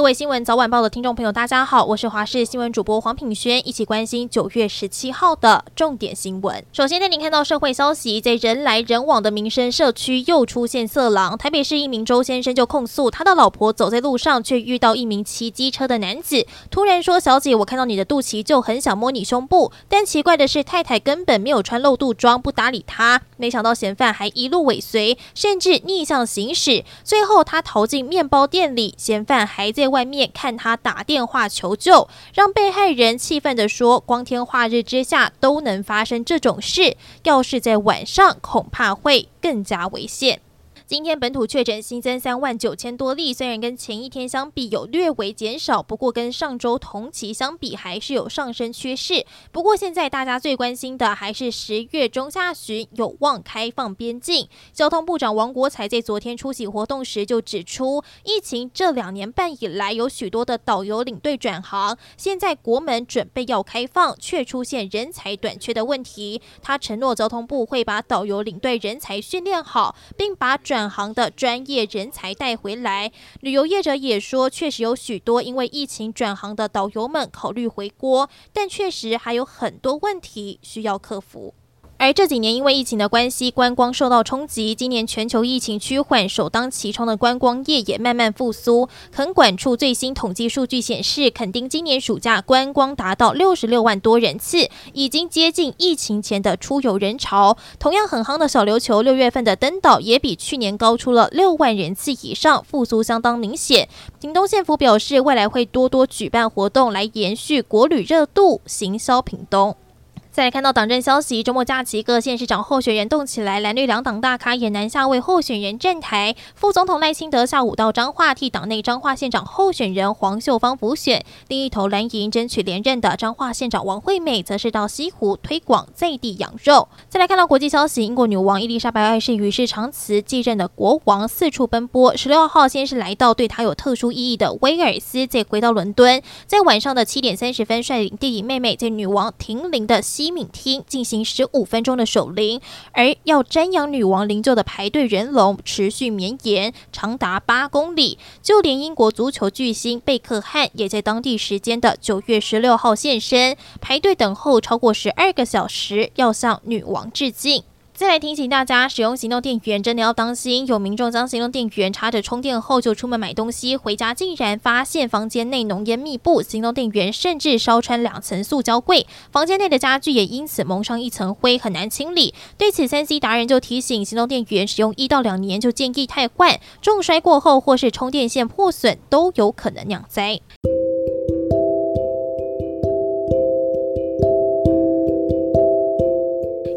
各位新聞早晚報的聽眾朋友，大家好，我是華視新聞主播黃品軒，一起關心九月十七號的重點新聞。首先帶您看到社會消息，在人來人往的民生社區又出現色狼。台北市一名周先生就控訴，他的老婆走在路上，卻遇到一名騎機車的男子，突然說：“小姐，我看到你的肚臍，就很想摸你胸部。”但奇怪的是，太太根本沒有穿露肚裝，不搭理他。沒想到嫌犯還一路尾隨，甚至逆向行駛，最後他逃進麵包店裡，嫌犯還在。外面看他打電話求救，讓被害人氣憤地說：“光天化日之下都能發生這種事，要是在晚上，恐怕會更加危險。”今天本土確診新增三萬九千多例，雖然跟前一天相比有略微減少，不過跟上周同期相比還是有上升趨勢。不過現在大家最關心的還是十月中下旬有望開放邊境。交通部長王國材在昨天出席活動時就指出，疫情這兩年半以來有許多的導遊領隊轉行，現在國門準備要開放，卻出現人才短缺的問題。他承諾交通部會把導遊領隊人才訓練好，並把轉轉行的專業人才帶回來，旅遊業者也說，確實有許多因為疫情轉行的導遊們考慮回鍋，但確實還有很多問題需要克服。而這幾年因為疫情的關係，觀光受到衝擊。今年全球疫情趨緩，首當其衝的觀光業也慢慢復甦。墾管處最新統計數據顯示，墾丁今年暑假觀光達到六十六萬多人次，已經接近疫情前的出遊人潮。同樣很夯的小琉球，六月份的登島也比去年高出了六萬人次以上，復甦相當明顯。屏東縣府表示，未來會多多舉辦活動來延續國旅熱度，行銷屏東。再來看到黨政消息，周末假期各縣市長候選人動起來，藍綠兩黨大咖也南下為候選人站台。副總統賴清德下午到彰化替黨內彰化縣長候選人黃秀芳輔選，另一頭藍營爭取連任的彰化縣長王惠美，則是到西湖推廣在地羊肉。再來看到國際消息，英國女王伊麗莎白二世與世長辭，繼任的國王四處奔波。十六號先是來到對他有特殊意義的威爾斯，再回到倫敦，在晚上的七點三十分率領弟弟妹妹在女王停靈的西。敏廳進行十五分鐘的守靈，而要瞻仰女王靈柩的排隊人龍持續綿延，長達八公里。就連英國足球巨星貝克漢也在當地時間的九月十六號現身，排隊等候超過十二個小時，要向女王致敬。再來提醒大家，使用行動電源真的要當心。有民眾將行動電源插着充電後就出門買東西，回家竟然發現房間內濃煙密佈，行動電源甚至燒穿兩層塑膠櫃，房間內的家具也因此蒙上一層灰，很難清理。對此，三 C 達人就提醒，行動電源使用一到兩年就建議汰換，重摔過後或是充電線破損都有可能釀災。